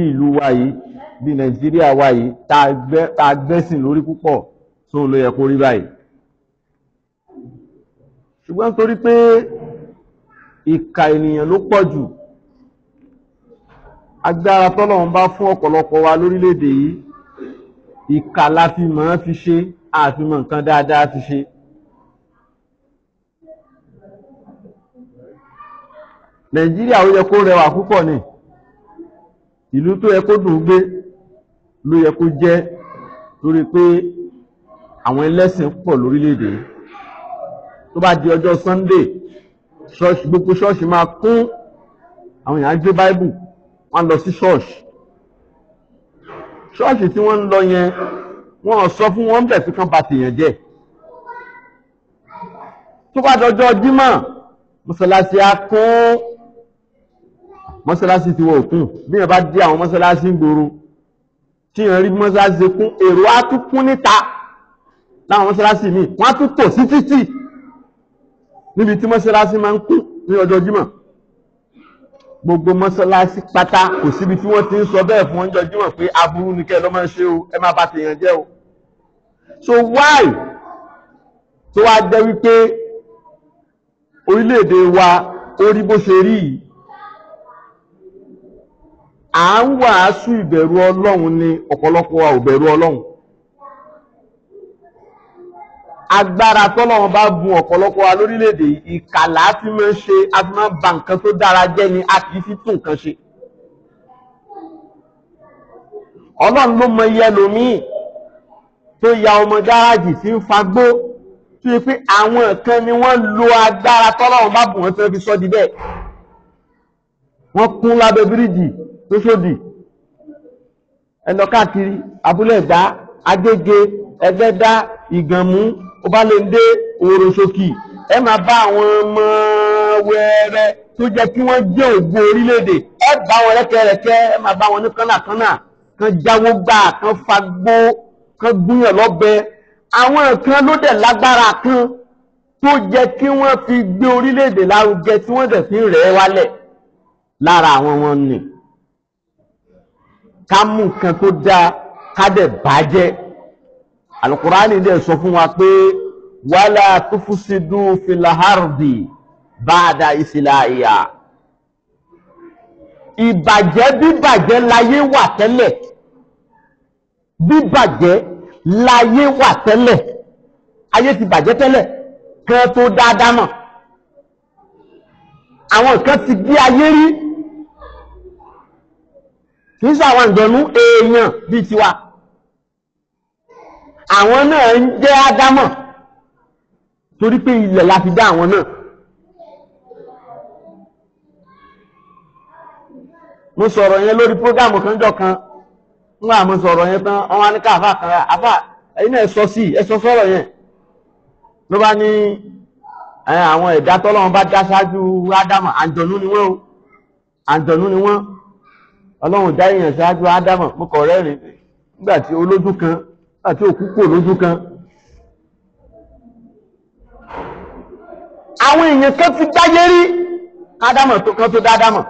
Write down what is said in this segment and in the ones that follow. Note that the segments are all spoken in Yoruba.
ní ìlú wa yìí bí nàìjíríà wa yìí tá a gbẹ́sìn lórí púpọ̀ tó ló yẹ kó rí báyìí ṣùgbọ́n torí pé ìka ènìyàn ló pọ̀ jù agbára tọ́lọ́run bá fún ọ̀pọ̀lọpọ̀ wa lórílẹ̀‐èdè yìí ìka la fi mọ̀ ọ́n fi ṣe àfi nǹkan dáadáa fi ṣe. nàìjíríà ó yẹ kó rẹwà púpọ̀ ni ìlú tó yẹ kó dùn gbé ló yẹ kó jẹ́ torí pé àwọn ẹlẹ́sìn pọ̀ lórílẹ̀‐èdè tó bá di ọjọ́ Sunday ṣọ́ọ̀ṣì gbogbo ṣọ́ọ̀ṣì máa kún àwọn èèyàn á gbé báíbù wọ́n lọ sí ṣọ́ọ̀ṣì ṣọ́ọ̀ṣì tí wọ́n ń lọ yẹn wọ́n sọ fún wọn bẹ̀ fi kan bà tèèyàn jẹ́ tó bá dọjọ́ Jímọ̀ mọ́sálásí á kún mọ́sálásí ti wọ òkun bí yẹn bá dé àwọn mọ́sálásí ń gbòòrò tí yẹn rí mọ́sálásí ṣe kún èrò á tún kún níta láwọn mọ́sálásí mi wọ́n á tún tò sí títì níbi tí mọ́sálásí máa ń kún ní ọjọ́ Jímọ̀ gbogbo mọ́sálásí pátá kò síbi tí wọ́n ti ń sọ bẹ́ẹ̀ fún ọjọ́ Jímọ̀ pé aburú ni kẹ́ ẹ máa ń ṣe o ẹ má bà tèèyàn jẹ́ o so why tó wá jẹ́ wípé orílẹ̀-èdè wa ó rí bó ṣe rí yìí à ń wàásù ìbẹ̀rù ọlọ́run ni ọ̀pọ̀lọpọ̀ wa ò bẹ̀rù ọlọ́run agbára tọ́lọ́run bá bùn ọ̀pọ̀lọpọ̀ wa lórílẹ̀‐èdè ìkàlà á fi máa ń ṣe á fi máa ń ba nǹkan tó dára jẹ́ ni a kì í fi tún nǹkan ṣe ọlọ́run ló mọ iye ẹlòmíì tó ya ọmọ gáràjì tí ń fagbó tó yẹ pé àwọn kan ni wọ́n lo agbára tọ́lọ́run bá bùn wọ́n tí wọ́n fi sọ́ di bẹ́ẹ̀ wọ́n kún lábẹ́ bíríìjì lóṣòdì ẹnà káàkiri abúlé ẹ̀dá agége ẹgbẹ́dá ìgànmú ọbalẹ̀ndé òròṣòkì ẹ máa bá àwọn ọmọ wẹ́rẹ́ tó jẹ́ kí wọ́n jẹ́ ògbó orílẹ̀-èdè ẹ bá wọn rẹ́kẹ́rẹ́kẹ́ ẹ máa bá wọn ní kánnàkánnà kan jáwó gbà kan fagbó kan gúnyàn lọ́bẹ àwọn kan ló dẹ̀ lágbára kan tó jẹ́ kí wọ́n fi gbé orílẹ̀-èdè lárugẹ tí wọ́n dẹ̀ fi rẹ̀ wálẹ̀ lára àwọn wọn ni ká mú nǹkan tó dáa ká dẹ̀ bàjẹ́ alukurani dẹ̀ sọ fún wa pé wàlá tufusidu filahardi báadà ìsìláyà ìbàjẹ́ bíbàjẹ́ láyé wà tẹ́lẹ̀ bíbàjẹ́ láyé wà tẹ́lẹ̀ ayé ti bàjẹ́ tẹ́lẹ̀ kan tó dáadáa mọ̀ àwọn kan ti gbé ayé rí kì í sàwọn ìdọ̀nú èèyàn bíi tiwa àwọn náà ń jẹ́ ádámọ̀ torí pé ilẹ̀ la fi dá àwọn náà mo sọ̀rọ̀ yẹn lórí prógámù kan jọ kan ńgbà mo sọ̀rọ̀ yẹn tán wọ́n wá ní ká àfà kan àfà ẹ̀yin náà sọ sí ẹ sọ sọ̀rọ̀ yẹn ló bá ní àwọn ẹ̀dá tọ́lọ́run bá dá ṣáájú ádámọ̀ àǹjọ̀nú ni wọ́n o àǹjọ̀nú ni wọ́n ọlọ́run dá èèyàn ṣáájú ádámọ̀ mo kọ̀ rẹ́rìn nígbà tí olójú kan nígbà tí òkú kò lójú kan. àwọn èèyàn kan ti dáyé rí ádámọ̀ tó kan tó dádámọ̀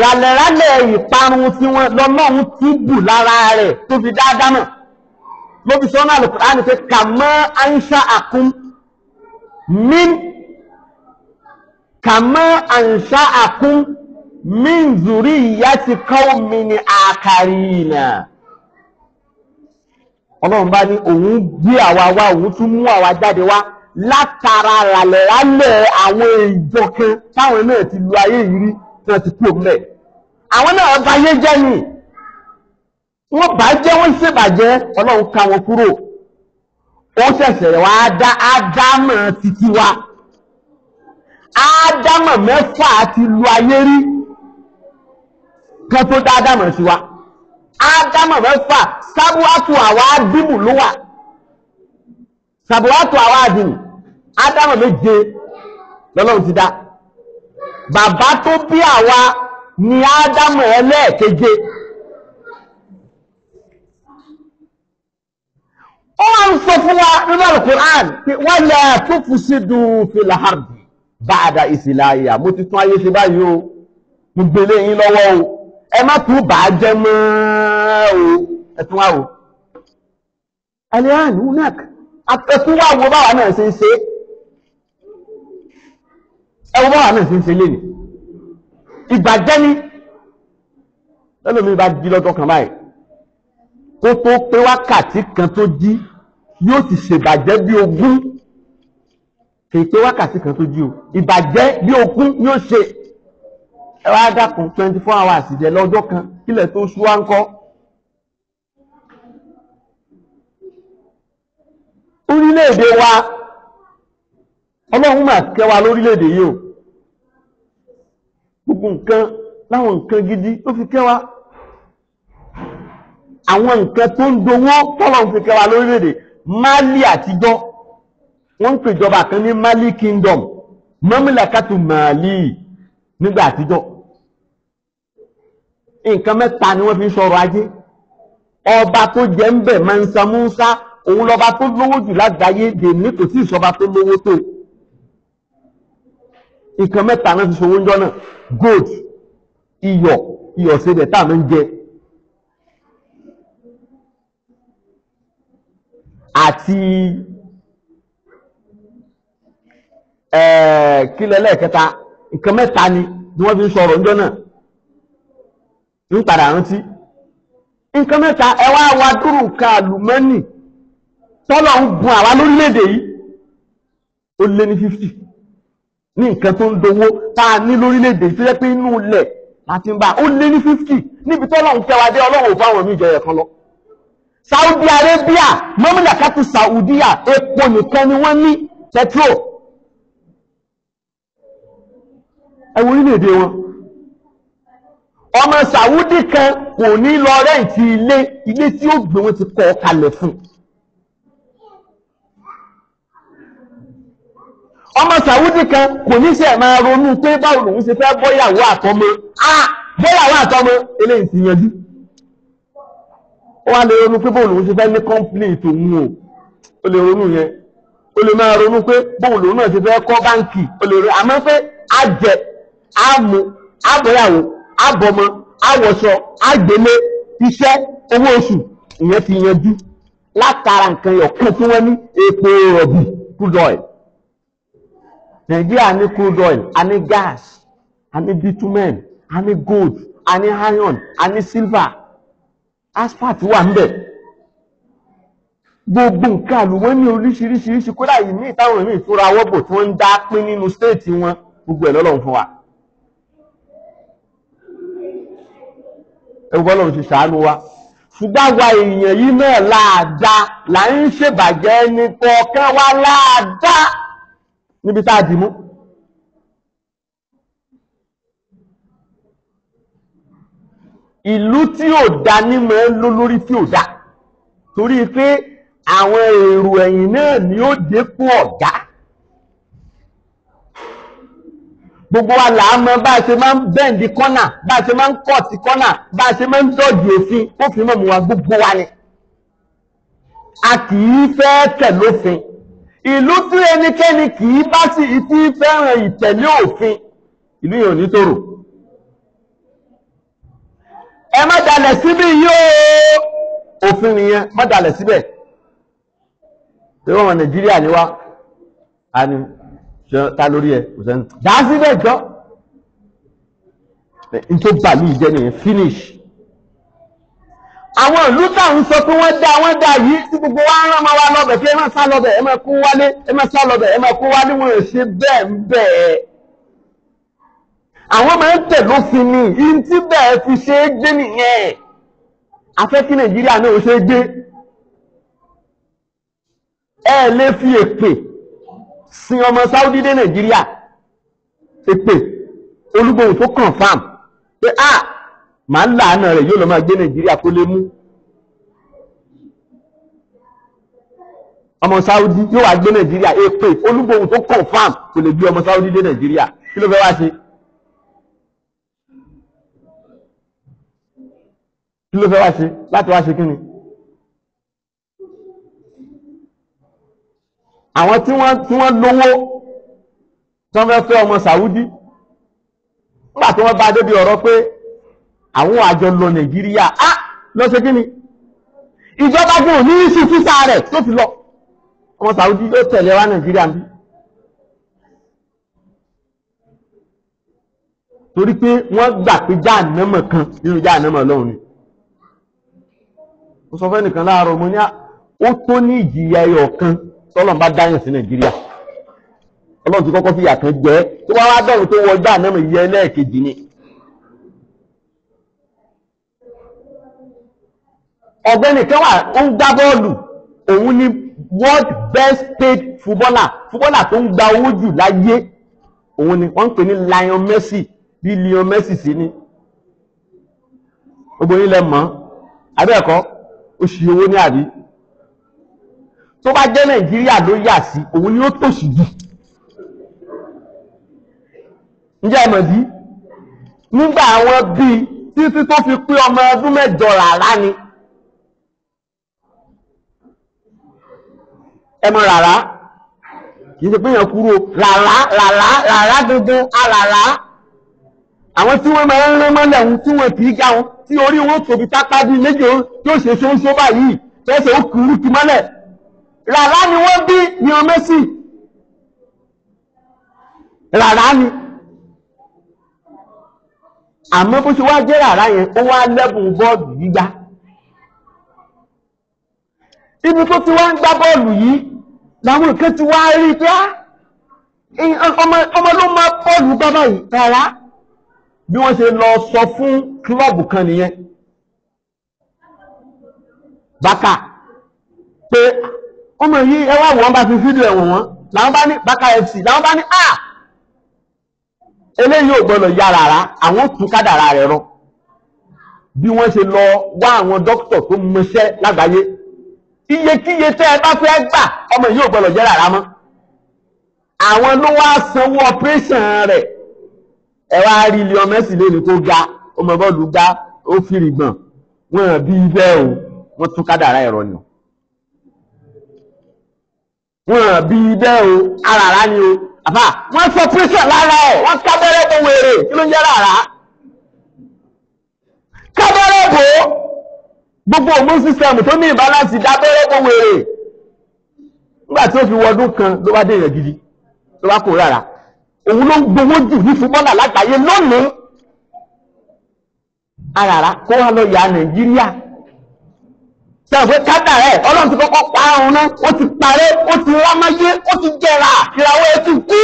ràlẹ̀ràlẹ̀ ìparun tí wọ́n lọ́lọ́run ti bù lára rẹ̀ tó fi dádámọ̀ ló fi sọ́nà àlùkùránì pé kàmọ́ àǹṣà àkún min kàmọ́ àǹṣà àkún min zuriyati qaumin akarina ọlọ́run bá ní òun gbé àwa wá òun tún mú àwa jáde wá látara ràlẹ̀rálẹ̀ àwọn ìjọ kan táwọn náà ti lu ayé ìrírí náà ti kúrò mẹ́ àwọn náà bá yé jẹ́ ni wọ́n bá jẹ́ wọ́n ṣèbàjẹ́ ọlọ́run ká wọn kúrò ó ṣẹ̀ṣẹ̀ wá dá ádámọ̀ títí wa ádámọ̀ mẹ́fà ti lu ayé rí kan tó dá ádámọ̀ sí wa ádámọ̀ mẹ́fà sábúwátù àwa ádìmù ló wà sábúwátù àwa ádìmù ádámọ̀ méje lọ́lọ́run ti dá bàbá tó bí àwa ni ádámọ̀ ẹlẹ́ẹ̀keje ó wá ń sọ fún wa nínú alukur'an pé wọ́n lè tó fusidu fil harbi báadà ìsìláyà mo ti tún ayé ṣe báyìí o mo gbélé yín lọ́wọ́ o ẹ má tún bà á jẹ mọ́ o ẹ̀tún wá o alihan unak ẹ̀tún wá wo báwa náà ṣe ń ṣe ẹwọ báwa náà ṣe ń ṣe lénìí ìbàjẹ́ ni lẹ́lòmí bá jí lọ́jọ́ kan báyìí kó tó pé wákàtí kan tó jí yóò ti ṣèbàjẹ́ bí ogún kì í pé wákàtí kan tó jí o ìbàjẹ́ bí ogún yóò ṣe ẹ wá dákun twenty four hours jẹ lọ́jọ́ kan kílẹ̀ tó ṣú wá ń kọ́. orílẹ̀-èdè wa ọlọ́run mà kẹ́ wa lórílẹ̀-èdè yìí o gbogbo nǹkan láwọn nǹkan gidi ló fi kẹ́ wa àwọn nǹkan tó ń dowó tọ́lọ́run fi kẹ́ lórílẹ̀-èdè Mali àtijọ́ wọ́n ń pèjọba kan ní Mali Kingdom mọ́mílàkàtù Mali nígbà àtijọ́ nǹkan mẹ́ta ni wọ́n fi ń sọ̀rọ̀ ajé ọba tó jẹ́ ń bẹ̀ Mansa Musa òun lọ́ba tó lówó jù lágbàáyé dèmí kò tí ì sọba tó lówó tó nǹkan mẹ́ta náà fi ṣòwò ń náà gold iyọ̀ iyọ̀ síbẹ̀ tá à ń jẹ àti kílẹ̀ lẹ́ẹ̀kẹta nǹkan mẹ́ta ni wọ́n fi sọ̀rọ̀ ń náà ń padà rántí nǹkan mẹ́ta ẹwà wa dúró nǹkan àlùmọ́nì tọ́lọ̀ ń gun àwa lórílẹ̀-èdè yìí ó lé ní 50 ní nǹkan tó ń dowó tá a ní lórílẹ̀-èdè tó jẹ́ pé inú ilẹ̀ láti ń bá ó lé ní 50 níbi tọ́lọ̀ ń kẹwàá dé ọlọ́wọ́ òfin àwọn míì jẹyẹ kan lọ Saudi Arabia mọ́mílàkátù Saudiya epo nìkan ni wọ́n ní petro ẹ̀wọ̀n orílẹ̀-èdè wọn ọmọ sàwúdí kan kò ní lọ rẹ́ǹtì ilé ilé tí ó gbé wọn ti kọ́ kalẹ̀ fún ọmọ sàwúdí kan kò ní ṣe máa ronú pé báwo lòun ṣe fẹ́ bọ́yàwó àtọmọ bọ́yàwó àtọmọ eléyìí ti yanjú ó wá lè ronú pé báwo lòun ṣe fẹ́ ní kọ́ńpìlì tòun o ó lè ronú yẹn ó lè máa ronú pé báwo lòun náà ṣe fẹ́ kọ́ báǹkì ó lè ronú àmọ́ pé a jẹ a mu àbọ̀mọ àwọ̀sọ àgbélé iṣẹ́ owó oṣù ìyẹn ti yanjú látara nǹkan ọ̀kan tí wọ́n ní epo rọ̀bì crude oil nàìjíríà ní crude oil a ní gas a ní bitumen a ní gold a ní iron a ní silver asphalt wà ń bẹ̀ gbogbo nǹkan àlùmọ́nì oríṣiríṣiríṣi kódà yìí ní ìtàwọn míì tó ra wọ́pọ̀ tí wọ́n ń dá pín nínú stéètì wọn gbogbo ẹ̀ lọ́lọ́run fún wa. ẹgbọ́n lòun ti ṣàánú wa ṣùgbọ́n àwa èèyàn yìí náà láàdá là ń ṣèbàjẹ́ ní kọ̀ọ̀kan wa láàdá níbi tá a dì mú. ìlú tí ò da ní mọ̀ ń ló lórí tí ò da torí pé àwọn èrò ẹ̀yìn náà ni ó dépò ọ̀gá. gbogbo wa là á mọ bá a ṣe máa ń bẹ́ǹdì kọ́nà bá a ṣe máa ń kọ́ọ̀tì kọ́nà bá a ṣe máa ń dọ́jú òfin òfin mọ̀ mú wa gbogbo wa ni. a kì í fẹ́ tẹ̀lófin ìlú tí ẹnikẹ́ni kì í bá sì ti fẹ́ràn ìtẹ̀lé òfin ìlú yìí ò ní tòrò. ẹ má dalẹ̀ síbí yóò òfin nìyẹn má dalẹ̀ síbẹ̀. ìwọ̀n nàìjíríà ni wá ta lórí ẹ kò sẹ́ni dá síbẹ̀ gan n tó bà mí jẹ́ nìyẹn finish àwọn ìlú táwọn sọ pé wọ́n dá wọ́n dá yìí tí gbogbo wa ń rán ọmọ wa lọ́bẹ̀ kí ẹ máa sá lọ́bẹ̀ ẹ máa kó wálé ẹ máa sá lọ́bẹ̀ ẹ máa kó wálé wọn ò ṣe bẹ́ẹ̀ ń bẹ́ẹ̀ àwọn máa ń tẹ̀lé sí ni yìí tí bẹ́ẹ̀ fi ṣe é gbé nìyẹn afẹ́ kí nàìjíríà náà ó ṣe é gbé ẹ lè fi èpè sin ọmọ Saudi dé Nàìjíríà èpè olúgbòhùn tó confam pé a màá láàánà rẹ̀ yóò lọ máa gbé Nàìjíríà kó lè mú ọmọ Saudi yóò wá gbé Nàìjíríà èpè olúgbòhùn tó confam kò lè gbé ọmọ Saudi dé Nàìjíríà kí ló fẹ́ wá ṣe. kí ló fẹ́ wá ṣe láti wá ṣe kí ni. àwọn tí wọ́n tí wọ́n lówó tí wọ́n fẹ́ fẹ́ ọmọ Saudi nígbà tí wọ́n bá débi ọ̀rọ̀ pé àwọn àjọ lọ Nàìjíríà á lọ ṣe kí ni ìjọba gbọ́n ní ìṣù físà rẹ̀ tó ti lọ ọmọ Saudi yóò tẹ̀lé wá Nàìjíríà bí. torí pé wọ́n gbà pé jáànámọ̀ kan nínú jáànámọ̀ lọ́hùn ni mo sọ fẹ́ nìkan láàárọ̀ mo ní ó tó ní ìjìyà ẹyọ kan tọ́lọ́n bá dáyàn sí nàìjíríà ọlọ́run ti kọ́kọ́ fìyà kan jẹ́ tí wọ́n wá dọ̀rùn tó wọ ọjọ́ àmẹ́mọ̀ yẹ lẹ́ẹ̀kejì ni. ọ̀gbẹ́ni kan wà ó ń gbá bọ́ọ̀lù òun ni world best paid footballer footballer tó ń gba owó jù láyé òun ni wọ́n ń pè ní Lionel Messi bí lion Messi sí ni gbogbo yín lẹ mọ̀ abẹ́ẹ̀kọ́ ó ṣì owó ní àdí tó bá jẹ́ nàìjíríà ló yà sí òun ni ó tòṣì jù ǹjẹ́ ẹ mọ̀ bí nígbà àwọn bíi títí tó fi pé ọmọ ọdún mẹ́jọ rárá ni ẹ mọ̀ rárá kì í ṣe pé èèyàn kúrò rárá rárá rárá gangan àràrá àwọn tí wọ́n máa ń rán mọ́lẹ̀ ohun tí wọ́n kì í já wọn tí orí wọn tóbi tápá bíi méjì ó ṣe ṣóńṣó báyìí tẹ́sẹ̀ ó kúrú kí mọ́lẹ̀ rárá ni wọ́n bí ní o Messi rárá ni àmọ́ bó ṣe wá jẹ́ rárá yẹn ó wá lẹ́bùn bọ́ọ̀lù gbígbá ibi tó ti wá ń gbá bọ́ọ̀lù yìí làwọn nǹkan ti wá rí pé ah, ọmọ ló máa bọ́ọ̀lù gbá báyìí rárá bí wọ́n ṣe lọ sọ fún kílọ̀bù kan nìyẹn bákà pé ọmọ yìí ẹwà wọ́n bá fi fídíò ẹ̀wọ̀n wọn làwọn bá ní bákà fc làwọn bá ní à eléyìí ò gbọ́dọ̀ ya rárá àwọn tún kádàrá rẹ̀ rọ bí wọ́n ṣe lọ wá àwọn dókítà tó mọṣẹ́ lágbàáyé iyekíye tẹ́ ẹ bá fẹ́ gbà ọmọ yìí ò gbọ́dọ̀ jẹ́ rárá mọ́ àwọn ló wá sanwó ọpẹ́ṣàn rẹ̀ ẹ wá rí ilé ọmọ ẹ̀sìn lẹ́nu tó ga ọmọ bọ́ọ̀lù ga ó fi rìgbọ̀n wọn bí bẹ́ẹ̀ o wọ́n tún kádàrá ẹ̀rọ ni o wọn bí bẹ́ẹ̀ o arara ni o àbá wọn sọ pírẹsẹ̀ lára ẹ̀ wọn kábẹ́rẹ́ bò wèrè kí ló ń jẹ́ rárá kábẹ́rẹ́ bò ó gbogbo ògùn sísẹ̀mù tó ní ìbálánsì dábẹ́rẹ́ bò wèrè nígbà tí ó fi wọdún kan ló bá dèèyàn gidi ló bá kó rárá òun ló ń gbowó jù ní fúbọ́là lágbàáyé lónìí arara kó wá lọ yà Nàìjíríà ṣàgbé kádàrá ẹ̀ ọlọ́run ti kọ́kọ́ pa ọ̀run náà ó ti parẹ́ ó ti rámáyé ó ti jẹrà ìràwọ̀ ẹ̀ ti kú.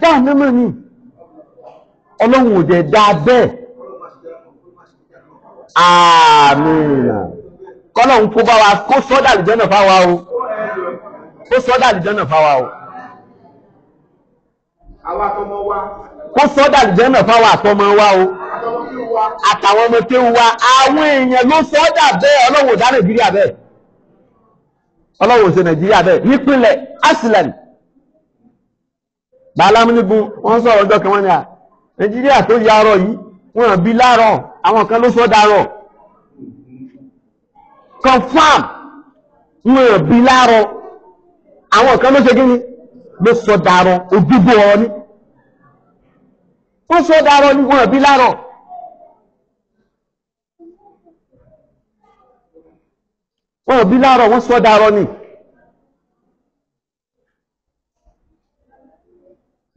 dáa mímọ́ ni ọlọ́run ò dẹ̀ dáa bẹ́ẹ̀ àmín kọ́lọ́run kó bá wa kó sọ́dà àlùjànnà fáwa o kó sọ́dà àlùjànnà fáwa o. kó sọ́dà àlùjànnà fáwa àtọmọ wa o àtàwọn ọmọ kéwú wa àwọn èèyàn ló sọ ọ́ dà bẹ́ẹ̀ ọlọ́wọ́ dá nàìjíríà bẹ́ẹ̀ ọlọ́wọ́ ṣe nàìjíríà bẹ́ẹ̀ nípínlẹ̀ asìlẹ̀nì bàálámúnigun wọ́n sọ̀rọ̀ ọjọ́ kan wọ́n ní à nàìjíríà tó ya ọrọ̀ yìí wọ́n bí láàárọ̀ àwọn kan ló sọ dárọ̀ confam wọ́n bí láàárọ̀ àwọn kan ló ṣe kí ni ló sọ dárọ̀ òdúgbò ọ̀rọ̀ ni wọ́n sọ dárọ̀ ni wọ́n bí láàárọ̀ wọn ò bí láàárọ̀ wọ́n sọ dárọ́ ni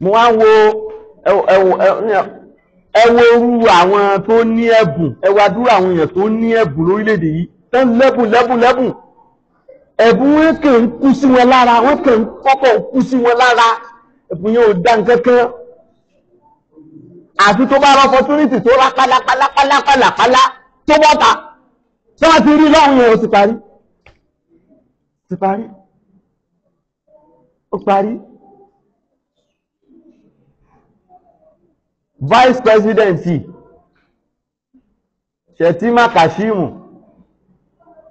mo wá wo ẹwọ orú àwọn tó ní ẹ̀bùn ẹwọ adúrà àwọn èèyàn tó ní ẹ̀bùn lórílẹ̀‐èdè yìí tó ń lẹ́bùn lẹ́bùn lẹ́bùn ẹ̀bùn wọn kàn ń kú sí wọn lára wọn kàn ń kọ́kọ́ kú sí wọn lára ẹ̀bùn yẹn ò dá nǹkan àti tó bá rọ opportunity tó rá pálápálápálápálápálá tó bọ́ta tí wọ́n ti rí lọ́hùn-ún ó ti parí ti parí ó parí vice president Shettima Kashimu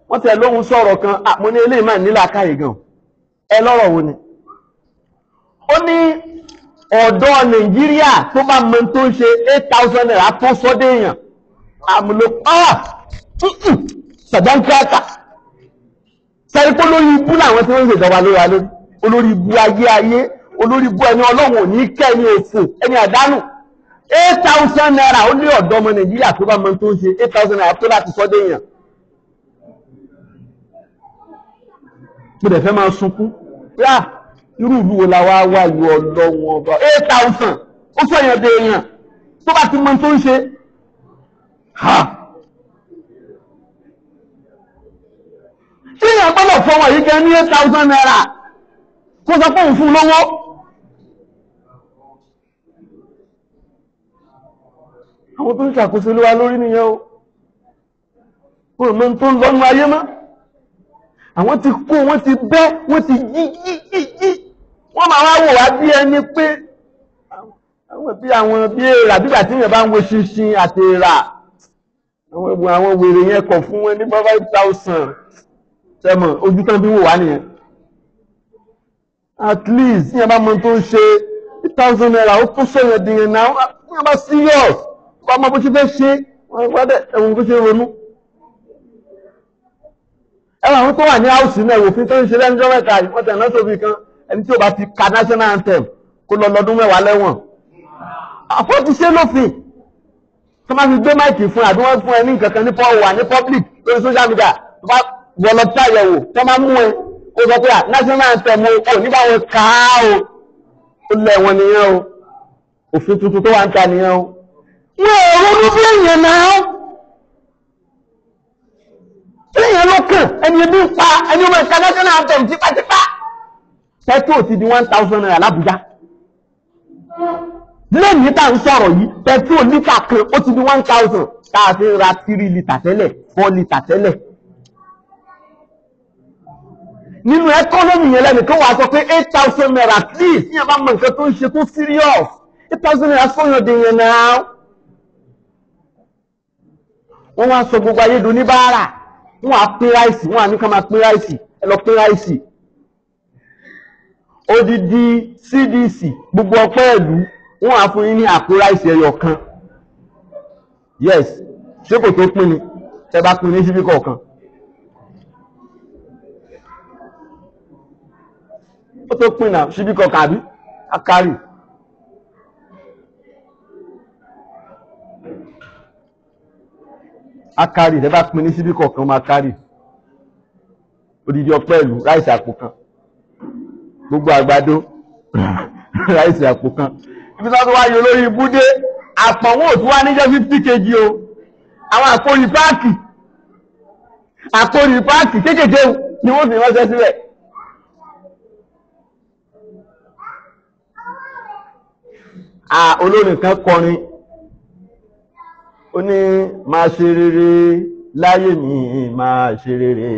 wọ́n tẹ̀ lóhun sọ̀rọ̀ kan mo ní eléyìí máa nílà káyè gan ẹ lọ́rọ̀ wo ni ó ní ọ̀dọ́ Nàìjíríà tó bá mọ tó ń ṣe eight thousand naira tó sọ́dẹ̀ èèyàn àmúlò pàwà ah! sàdánkàkà sẹ́yìn pé olórí ibú làwọn tí wọ́n ń ṣèjọba lórí wa lórí olórí ibú ayé ayé olórí ibú ẹni ọlọ́run ní kẹ́ ẹni òfò ẹni àdánù eight thousand naira ó lé ọ̀dọ́ ọmọ nàìjíríà tó bá mọ tó ń ṣe eight thousand naira tó láti sọ́dọ̀ èèyàn. mo dẹ̀ fẹ́ máa sunkún yá ah, irú ìlú wo la wá wá ìlú ọ̀dọ́ ọba eight thousand ó sọ èèyàn dé èèyàn tó bá ti mọ tó ń ṣe. tí èèyàn gbọ́dọ̀ fọwọ́ yìí kẹ́ ní eight thousand naira kó sọ pé òun fún lówó. àwọn tó ń ṣàkóso ló lórí nìyẹn o kò mọ tó ń lọ́nu ayé mọ́ àwọn ti kó wọ́n ti bẹ́ wọ́n ti yí yí yí yí wọ́n máa wá wò wá bí ẹni pé àwọn bí àwọn bí èrà bígbà tí èèyàn bá ń wo ṣinṣin àti èrà àwọn wèrè yẹn kọ̀ fún wọn ní bọ́bá eight sẹ́mọ̀ ojú tán bí wò wá nìyẹn at least yẹn bá mọ tó ń ṣe thousand naira ó tó sọ̀rọ̀ dìyẹn náà yẹn bá serious wọ́n mọ bó ṣe fẹ́ ṣe wọ́n wá dẹ̀ ẹ̀wọ̀n bó ṣe ronú. ẹ̀wọ̀n àwọn tó wà ní áùsì náà òfin tó ń ṣe lẹ́nu jọ́wọ́ ẹ̀ka wọ́n tẹ̀ náà sófin kan ẹni tí ò bá ti ka national anthem kó lọ lọ́dún mẹ́wàá lẹ́wọ̀n àfọ́tí ṣe lófin tó máa fi gbé máìkì fún àbí wọ́n fún ẹ ní nǹkan kan ní pọ́ọ̀wà ní public lórí social wọ̀lọ̀ tí àyẹ̀wò tó máa mú ẹ ó sọ pé à ah, national anthem o nígbà wọn kà o ó lẹ̀ wọn nìyẹn o òfin tuntun tó wà ń ta nìyẹn o. wọ́n ò ronú bí èèyàn náà tí èèyàn ló kàn ẹni ebi ń pa ẹni ọmọ ìka national anthem tipátipá pẹ́tò ti di one thousand naira lábújá lẹ́yìn tá à ń sọ̀rọ̀ yìí pẹ́tò lítà kan ó ti di one thousand tá a fi ń ra three litre tẹ́lẹ̀ four litre tẹ́lẹ̀ nínú ẹkọ́nọ́mì yẹn lẹ́nìkan wà sọ pé eight thousand naira please ní àbá mọ̀ nǹkan tó ń ṣe tó serious eight thousand naira sọ̀yàn dè yẹn náà wọ́n wá sọ gbogbo ayé dùn ní báárà wọ́n á pín ráìsì wọ́n á ní ká máa pín ráìsì ẹ lọ pín ráìsì odidi cdc gbogbo ọpẹ́ ìlú wọ́n á fún yín ní àpò ráìsì ẹyọ kan yes ṣé kò tó pín ni tẹ bá pín ní síbí kọ̀ọ̀kan. ó tó pin náà síbi kan kàbí akárì. akárì lẹ́ bá pin ní síbi kọ̀ọ̀kan máa kárì odidi ọpẹ́ ìlú ráìsì àpò kan gbogbo àgbàdo ráìsì àpò kan ibi tí wọ́n ti wáyé olórí ibúdé àpọ̀wọ́n òtún wá níjẹ́ fifty kg o àwọn àkórì páàkì àkórì páàkì kéékèèké ni wọ́n fi ránṣẹ́ sílẹ̀. à olórin kan kọrin ó ní máa ṣe rere láyé mi máa ṣe rere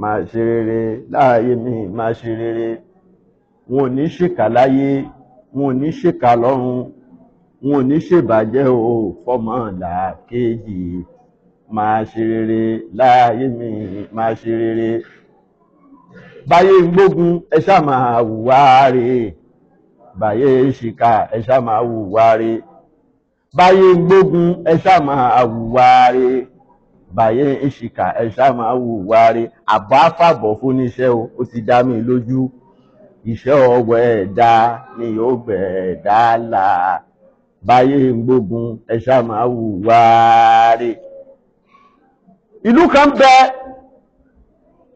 máa ṣe rere láyé mi máa ṣe rere wọn ò ní ṣèkà láyé wọn ò ní ṣèkà lọ́run wọn ò ní ṣèbàjẹ́ o fọmọ làkejì máa ṣe rere láyé mi máa ṣe rere báyé gbógun ẹ ṣáà máa wùwá rèé. báyé ṣìkà ẹ̀ṣà máa hùwà rẹ̀ báyé gbógun ẹ máa báyé ìṣìkà máa fún iṣẹ́ o ó ti mi lójú iṣẹ́ ọwọ́ ẹ̀dá ni yóò gbẹ̀ ẹ̀dá là báyé gbógun ẹ̀ṣà máa hùwà rí. ìlú kan bẹ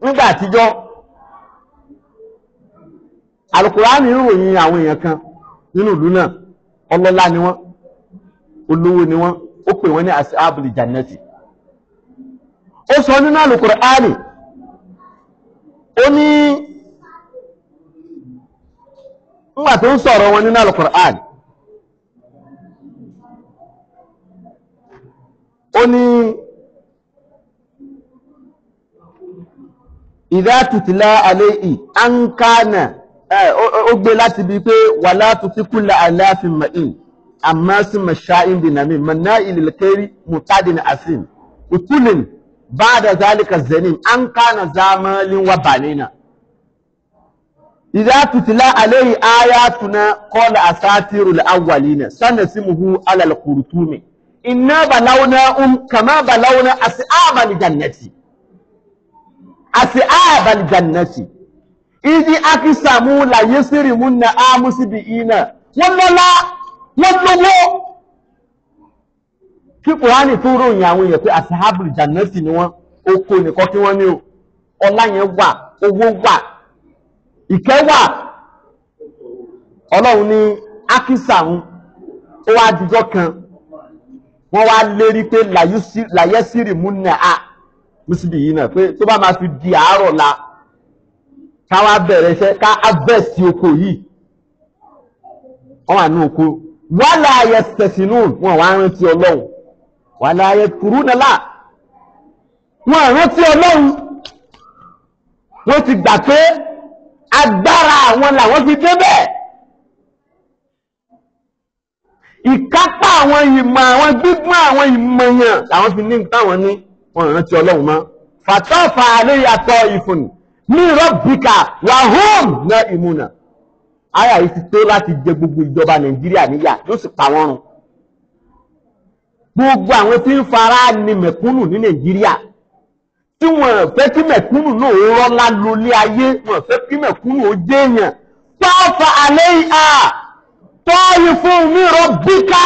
nígbà àtijọ́ alukurani ròyìn àwọn èèyàn kan nínú ìlú náà ọlọ́lá ni wọ́n olówó ni wọ́n ó pè wọ́n ní ashabul jannati ó sọ nínú alukurani ó ní ńgbà tó ń sọ̀rọ̀ wọn nínú alukurani ó ní ìdá tutula an kana ó gbé láti bíi pé wàlá tutikula aláàfin ma'in àmásí mashain binami maná ìlìlkẹ́rí mutadin asin utulin bada zalika zanin an kana zamalin wa banina idza tutila alayhi ayatuna qala asatirul awwalina sanasimuhu ala alqurtumi inna balawnahum kama balawna ashabal jannati ashabal jannati ìdí akísàmú làyé sírì mú na ámúsíbì iná wọ́n lọ́lá wọ́n lówó kí kùránì tó ròyìn àwọn èèyàn pé asahabul jannati ni wọ́n oko nìkan kí wọ́n ní o ọlá yẹn wà owó wà ìkẹ́ wà ọlọ́run ní akísàmú ó wá dijọ́ kan wọ́n wá lérí pé làyé sírì mú na ámúsíbì iná pé tó bá máa fi di àárọ̀ la ká wá bẹ̀rẹ̀ iṣẹ́ ká abẹ́sì oko yìí wọ́n wà ní oko wàhálà ayẹ tẹ̀sínú wọn wá rántí ọlọ́run wàhálà ayẹ kúrú nílà wọn rántí ọlọ́run wọ́n ti gbà pé agbára àwọn làwọn fi débẹ̀ ìkápá àwọn ìmọ̀ àwọn gbígbọ́n àwọn ìmọ̀yàn làwọn fi ní táwọn ní wọn rántí ọlọ́run mọ́ fàtọ́fà àléyàtọ̀ ìfòní min rabbika wa hum naimuna àyà yìí ti tó láti jẹ gbogbo ìjọba nàìjíríà níyà yóò sì pa wọ́n run gbogbo àwọn tí ń fara ni mẹ̀kúnnù ní nàìjíríà tí wọ́n fẹ́ kí mẹ̀kúnnù náà ó rọ́lá lólé ayé wọ́n fẹ́ kí mẹ̀kúnnù ó jẹ́yàn tọ́fà àlẹ́ ìhà tọ́yì fún mi rọ́bíkà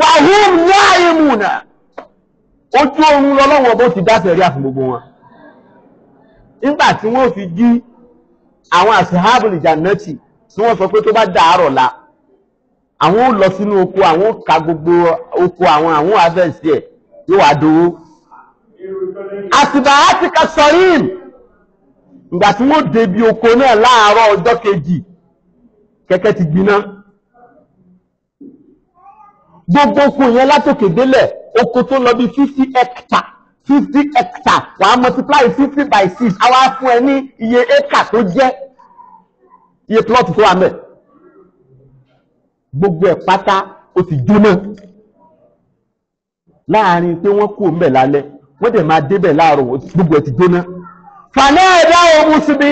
wàhùn láìmùnà ojú oorun lọ́lọ́wọ́ bó ti dá sẹ̀rí àfún gbogbo wọn nígbà tí wọ́n fi jí àwọn àṣehábùlì jannati tí wọ́n sọ pé tó bá dàárọ̀ la àwọn ò lọ sínú oko àwọn ò ka gbogbo oko àwọn àwọn àfẹ́sì ẹ̀ yóò wá dowó. àtìbà á ti ka ìgbà tí wọ́n débi oko náà láàárọ̀ ọjọ́ kejì kẹ̀kẹ́ ti gbiná gbogbo oko yẹn látòkè délẹ̀ oko tó lọ bí fifty hectare fifty hectare wàá multiply fifty by six àwa fún ẹ ní iye acre tó jẹ́ iye plot tó wà mẹ́ gbogbo ẹ̀ pátá ó ti jóná láàrin pé wọ́n kú mbẹ̀ lálẹ́ wọ́n dẹ̀ máa débẹ̀ láàárọ̀ gbogbo ẹ̀ ti jóná fàlẹ́ ẹ̀dá òun síbi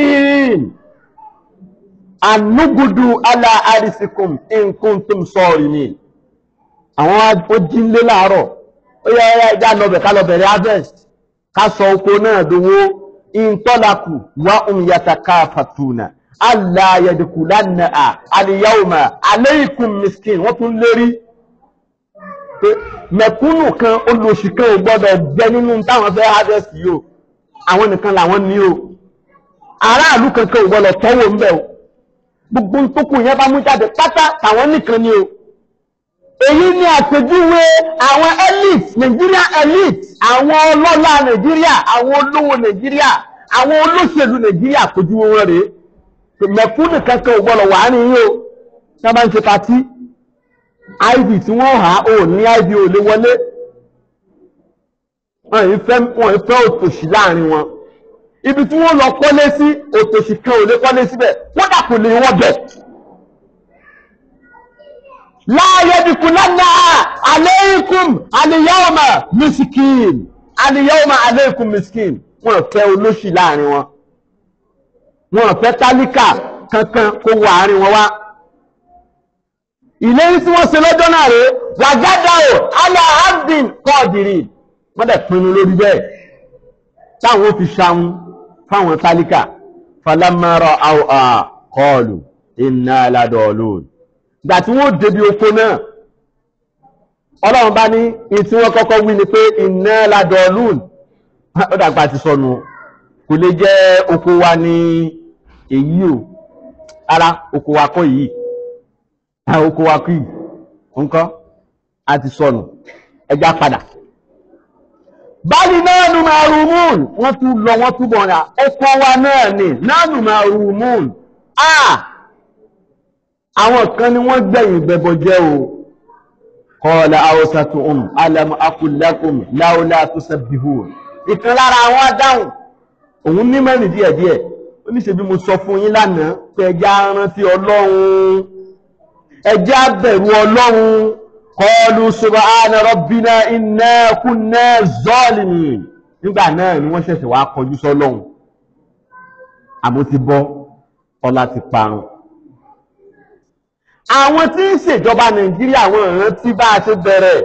ànúgudu ala arisikum nkuntum sọ̀rì ni àwọn ó jí ń lé láàárọ̀ ó yẹ ẹja lọbẹ̀ ká lọbẹ̀rẹ̀ harvest ká sọ oko náà dowó ìntọ́lakù wá òmìyàtà káfàtúnà aláyẹ̀dẹ̀kùlánà àlìyáwòmà aléìkùn miskin wọ́n tún lérí mẹ̀kúnnù kan olóṣì kan ò gbọ́dọ̀ jẹ nínú táwọn fẹ́ harvest yìí o àwọn nìkan làwọn ní o aráàlú kankan ò gbọ́dọ̀ tọ́wọ́ ń bẹ̀ o gbogbo tó kù yẹn bá mú jáde pátá tàwọn nìkan ni o èyí ni àpèjúwe àwọn elite Nigeria elite àwọn ọlọ́lá Nigeria àwọn olówó Nigeria àwọn olóṣèlú Nigeria àpèjúwe wọn rèé mẹ̀kúnnù kankan ò gbọ́dọ̀ wà ní yín o tá bá ń ṣe patí iv tí wọ́n há ò ní iv ò lè wọlé wọ́n yìí fẹ́ wọ́n yìí fẹ́ òtòṣì láàrin wọn ibi tí wọ́n lọ kọ́lé sí òtòṣì kan ò lè kọ́lé síbẹ̀ wọ́n dà kò lè wọ́n bẹ̀ láyẹ̀dìkúnlánà aleikum aliyahoma miskin aliyahoma aleikum miskin wọn ò fẹ́ olóṣì láàrin wọn wọn ò fẹ́ tálíkà kankan kó wọ àárín wọn wá ìlérí tí wọ́n ṣe lọ́jọ́ náà rèé wàjádàó aláhàbdìn kọ́ọ̀dìrì wọ́n dẹ̀ pinnu lórí bẹ́ẹ̀ táwọn fi ṣàwọn fáwọn tálíkà falamara àwọn àkọọ̀lù iná aládọ̀ọ́lù gbà tí wọ́n débi oko náà ọlọ́run bá ní ìtí wọ́n kọ́kọ́ wí ni pé iná ládọ́ọ̀lùn ó dàgbà ti sọnù kò lè jẹ́ oko wa ní èyí o ara oko wa kọ́ yìí oko wa kọ́ yìí nǹkan a ti sọnù ẹja padà báyìí náà nù máa rú moon wọ́n tún lọ wọ́n túbọ̀ ra oko wa náà ni náà nù máa rú moon ah àwọn kan ni wọ́n gbẹ̀yìn gbẹbọ jẹ́ o kọ́ọ̀lá haúsàtún um alamu akulakum láúlá tó sẹ́bìhù ìkan lára àwọn adáhùn òun ní mẹ́rin díẹ̀díẹ̀ ó ní ṣe bí mo sọ fún yín lánàá pé ẹjẹ́ ọlọ́run ẹjẹ́ abẹ̀rù ọlọ́run kọlu sọ̀rọ̀ ànàrọ̀ bínà iná kúnná zọ́ọ̀lì nígbà náà ni wọ́n ṣẹ̀ṣẹ̀ wá kọjú sọ́lọ́run àmọ́ ti bọ́ ọlá ti parun àwọn tí ń ṣèjọba nàìjíríà àwọn ọ̀ràn tí bá a ṣe bẹ̀rẹ̀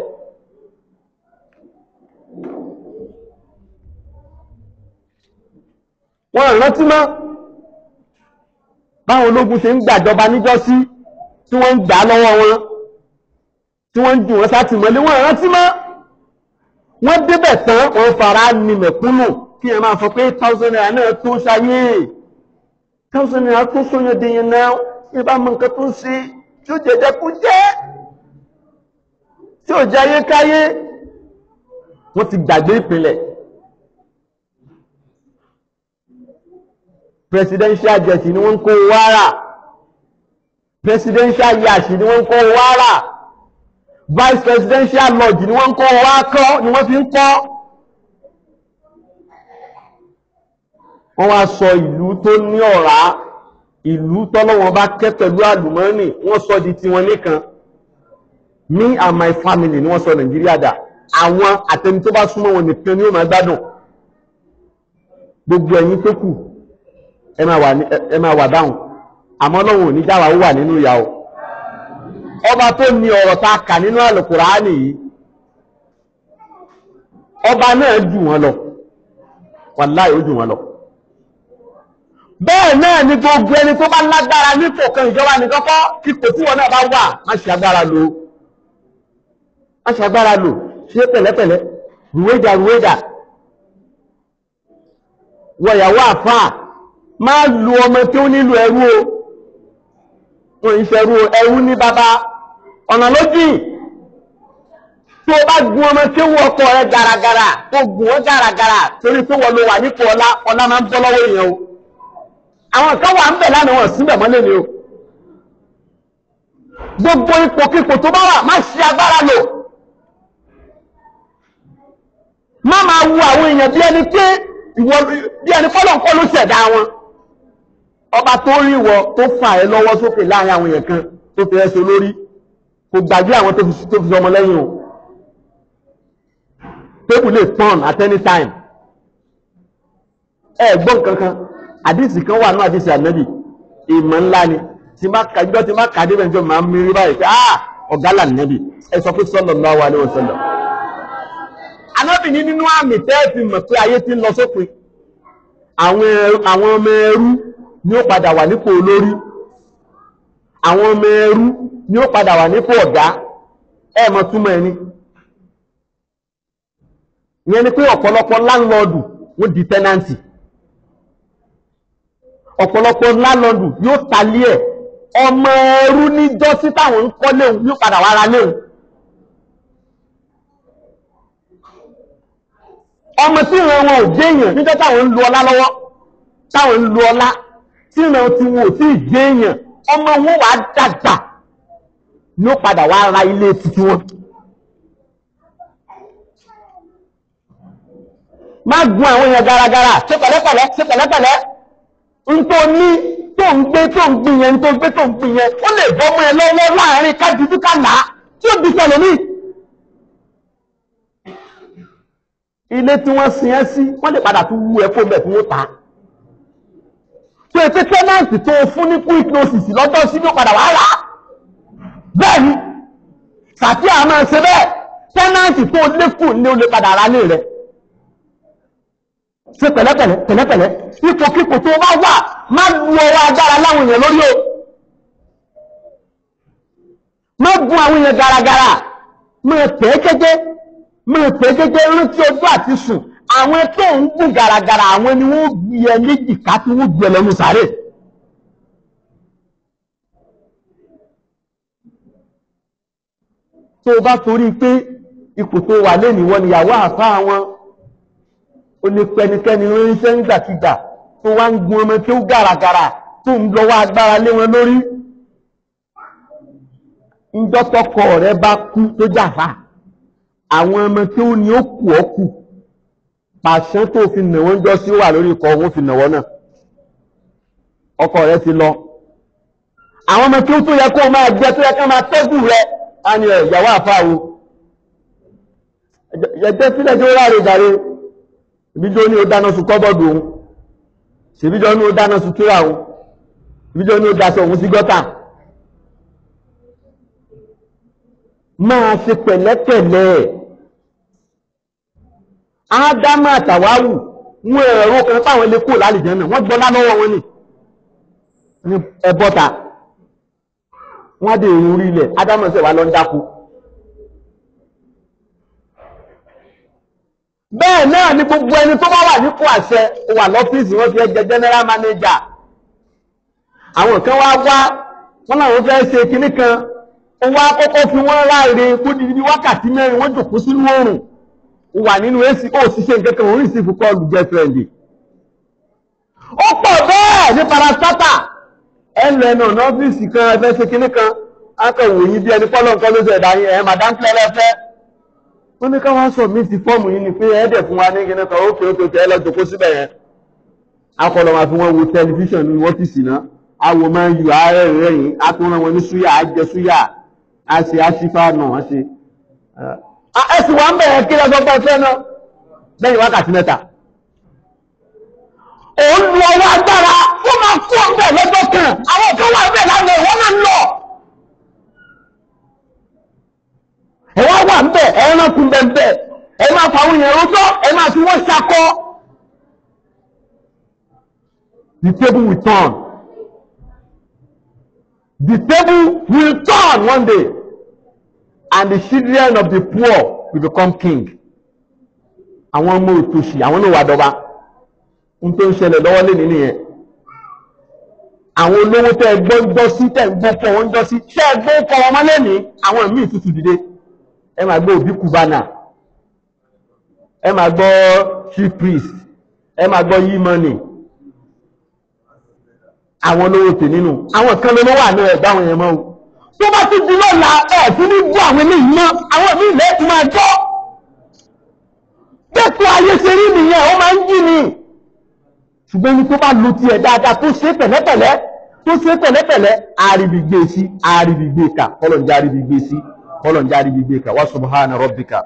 wọ́n rántí mọ́ báwọn ológun ṣe ń gbàjọba níjọ́sí tí wọ́n ń gbà lọ́wọ́ wọn tí wọ́n ń jù wọ́n sátìmọ́lé wọ́n rántí mọ́ wọ́n débẹ̀ tán wọ́n fara ní mẹ̀kúnnù kí ẹ máa fọ pé thousand naira náà tó ṣayé thousand naira tó sóyún dèyàn náà ẹ bá mọ nǹkan tó ṣe tí ó jẹjẹ kú jẹ́ tí ó jẹ ayékáyé wọ́n ti gbàgbé ìpínlẹ̀ presidential jet ni wọ́n ń kó wàrà presidential yash ni wọ́n ń kó wàrà vice presidential lodge ni wọ́n ń kó wákọ́ ni wọ́n fi ń kọ́ wọ́n wá sọ ìlú tó ní ọ̀rá ìlú tọ́lọ́wọ́ bá kẹ́ pẹ̀lú àlùmọ́nì wọ́n sọ di tiwọn nìkan me and my family ni wọ́n sọ nàìjíríà dà àwọn àtẹni tó bá súnmọ́ wọn nìkan ni ó máa gbádùn gbogbo ẹ̀yin tó kù ẹ máa wà dáhùn àmọ́ lọ́wọ́ òní jáwa ó wà nínú ìyà o ọba tó ní ọ̀rọ̀ tá a kà nínú àlùkùránì yìí ọba náà jù wọ́n lọ wàláì ó jù wọ́n lọ bẹ́ẹ̀ náà ni gbogbo ẹni tó bá lágbára nípò kan ìjọba nìkan kọ́ ipò tí wọn náà bá wà má ṣe agbára lò má ṣe agbára lò ṣe pẹ̀lẹ́pẹ̀lẹ́ rúwéjà rúwéjà wọ̀yàwó àfáà má lu ọmọ tí ó nílò ẹrú o òun ìṣẹ̀rú ẹrú ní bàbá ọ̀nà lójì tí o bá gun ọmọ tí ó wọ ọkọ rẹ gàràgàrà tó gùn ó gàràgàrà torí pé wọn lo wà nípò ọlá ọlá máa ń bọ́ lọ́wọ́ èèyàn o àwọn kan wà ń bẹ̀ lánàá wọn síbẹ̀ mọ́lẹ̀ ni o gbogbo ipò tó bá wà má ṣe agbára lò má máa wu àwọn èèyàn bí ẹni pé ìwọ bí ẹni fọ́lọ̀ ló ṣẹ̀dá wọn ọba tó rí ìwọ tó fà ẹ́ lọ́wọ́ sókè láàrin àwọn èèyàn kan tó fi ẹ́ so kò gbàgbé àwọn tó fi tó fi ọmọ lẹ́yìn o tébù lè at any time ẹ gbọ́n kankan àdìsí kan wà náà àdìsí ànábì ìmọ̀ ńlá ni tí má ka jọ́ tí má ka dé bẹ́ẹ̀ máa ń mírí báyìí pé ah ọ̀gá là nàbì ẹ sọ pé sallallahu alaihi wasallam. ànábì ní nínú àmì tẹ́ẹ̀fì mọ̀ pé ayé ti ń lọ sópin àwọn ọmọ ẹrú ni ó padà wà nípò olórí àwọn ọmọ ẹrú ni ó padà wà nípò ọ̀gá ẹ mọ̀ túmọ̀ ẹni ìyẹn ni pé ọ̀pọ̀lọpọ̀ láńlọ́ọ̀dù wọ́n di tẹ́nàntì ọ̀pọ̀lọpọ̀ lálọ́dù yóò talé ẹ̀ ọmọ ẹrú níjọ́ sí táwọn ń kọ́ léhun yóò padà wá ra léhun ọmọ tí ìran wọn ò géèyàn níjọ́ táwọn ń lu ọlá lọ́wọ́ táwọn ń lu ọlá tí ìran tí wọn ò tí ì géèyàn ọmọ wọn wàá dàgbà yóò padà wá ra ilé títí wọn. má gun àwọn èèyàn garagara ṣe pẹ̀lẹ́pẹ̀lẹ́ ṣe pẹ̀lẹ́pẹ̀lẹ́ n tó ní tó ń gbé tó ń gbìn yẹn tó ń gbé tó ń gbìn yẹn ó lè bọ́ mọ́ ẹ lọ́wọ́ láàrin kájúdú kàlá tí ó bí sọ̀rọ̀ ní. ilé tí wọ́n sin ẹ́ sí wọ́n lè padà tún wú ẹ fóun bẹ̀ tí wọ́n ta á tó ẹ pé tẹ́nàǹtì tó fún ní quick notice lọ́jọ́ sí ló padà wá rà á bẹ́ẹ̀ ni sàtí àmọ́ ṣe bẹ́ẹ̀ tẹ́nàǹtì tó lékùn ní o padà rà lé rẹ̀ ṣe pẹ̀lẹ́pẹ̀lẹ́ pẹ̀lẹ́pẹ̀lẹ́ ipòkípò tó bá wà má bu ọwọ́ agbára láwọn èèyàn lórí o má bu àwọn èèyàn garagara má pè é kété má pè é kété rántí ojú àti sùn àwọn tó ń bù garagara àwọn ni wọ́n gbé ẹ méjì ká tí wọ́n gbé ẹ lẹ́nu sáré. tó o bá torí pé ipò tó wà lẹ́nu ìwọ nìyàwó àfa àwọn ó lè pẹ́ ẹnikẹ́ni ránṣẹ́ ńgbàkigbà tó wá ń gun ọmọ tí ó gàràgàrà tó ń lọ́wọ́ agbára lé wọn lórí ńdọ́tọ́kọ rẹ bá kú tó jàfà àwọn ọmọ tí ó ní ó kù ọ́ kù pàṣẹ tó fi nà wọ́n jọ sí wà lórí ikọ̀ òun fi nà wọ́n náà ọkọ rẹ ti lọ àwọn ọmọ tí ó tó yẹ kó máa jẹ tó yẹ ká máa tọ́jú rẹ á ní ẹ̀ ìyàwó àfáà ẹ̀jẹ̀ sílẹ̀ tí ó ráre jàre ìbíjọ́ ní ó dáná sun kọ́bọ̀dù òun ṣèbíjọ́ ní ó dáná sun túra òun ìbíjọ́ ní ó daṣọ òun sí gọ́tà máa ṣe pẹ̀lẹ́pẹ̀lẹ́ ádámù àtàwáwù wọn ẹ̀rọ kan fáwọn ilé kúrò lálejẹ́ náà wọ́n gbọ́lá lọ́wọ́ wọn ni ẹ̀bọ́ta wọ́n dé ìrìn orí ilẹ̀ ádámù ṣẹ̀ wá bẹ́ẹ̀ náà ni gbogbo ẹni tó bá wà nípò àṣẹ wà lọ́fíìsì wọ́n fi ẹ́ jẹ general manager àwọn kan wá wá wọ́n láwọn fẹ́ ṣe kinní kan ó wá kọ́kọ́ fi wọ́n ráre kó di bí wákàtí mẹ́rin wọ́n jòkó sínú oòrùn wà nínú èsì ó ṣiṣẹ́ nǹkan kan orí ìsìnkú kọ́ọ̀lù girlfriend ó pọ̀ bẹ́ẹ̀ ní parastata ẹ lọ ẹnu ọ̀nà ọ́fíìsì kan ẹ fẹ́ ṣe kinní kan akọ̀wòyìn bí ẹni pọ́lọ́ nǹkan ló ṣe ẹ̀dá yẹn ẹ̀ madam clẹ́lẹ́fẹ́ ó ní káwá sọ mí ti fọ́ọ̀mù yìí ni pé ẹ̀ẹ́dẹ̀ fún wa ní kíní kan ókè ókè ókè ẹlọ́jọ kó síbẹ̀ yẹn akọlọ máa fi wọn wo tẹlifíṣàn ní wọ́n ti sì awo máa ń yọ ààrẹ rẹ yìí a wọn ní súyà á súyà á ṣe àṣìfà náà á ṣe. ẹ sì ń bẹ̀rẹ̀ kí lọ́gbọ́n bá fẹ́ náà lẹ́yìn wákàtí mẹ́ta. òun lu ọwọ́ agbára ó máa kú ọ̀bẹ ẹ wà ń bẹ̀ ẹ ránkù bẹ̀bẹ̀ ẹ máa fa àwọn èèyàn rọ́tọ́ ẹ máa fi wọ́n ṣakọ. The table will turn. The table will turn one day and the children of the poor will become king. Àwọn ọmọ òtòṣì àwọn náà wà dọba. N tó ń ṣẹlẹ̀ lọ́wọ́ lé nínú yẹn àwọn olówó tẹ́ ẹ gbọ́ ń jọ sí tẹ́ ẹ gbọ́ fọ́ wọn ń jọ sí tẹ́ ẹ gbọ́ fọ́ ọmọ lẹ́nìí àwọn míì tútù dìde ẹ máa gbọ́ òbí kùbánà ẹ máa gbọ́ chief priest ẹ máa gbọ́ yí mọ́nì àwọn olówó tè nínú àwọn kan ló wà ní ẹ̀gbá àwọn èèyàn mọ́ o tó bá ti di lọ́la ẹ̀ tí ní bú àwọn ilé ìmọ̀ àwọn ìlú ilẹ̀ ti máa gbọ́ bẹ́ẹ̀kọ́ ayé ṣe rí nìyẹn ó máa ń jí ni ṣùgbọ́n ní tó bá lu ti ẹ̀ dáadáa tó ṣe pẹ̀lẹ́pẹ̀lẹ́ tó ṣe pẹ̀lẹ́pẹ̀lẹ́ àríbìgbèsí e àríbìgbèkà e ọlọ́njẹ́ àríbìgbèsí kọ́lọ̀ ń jáde gbígbé ka wá subhana rabbika.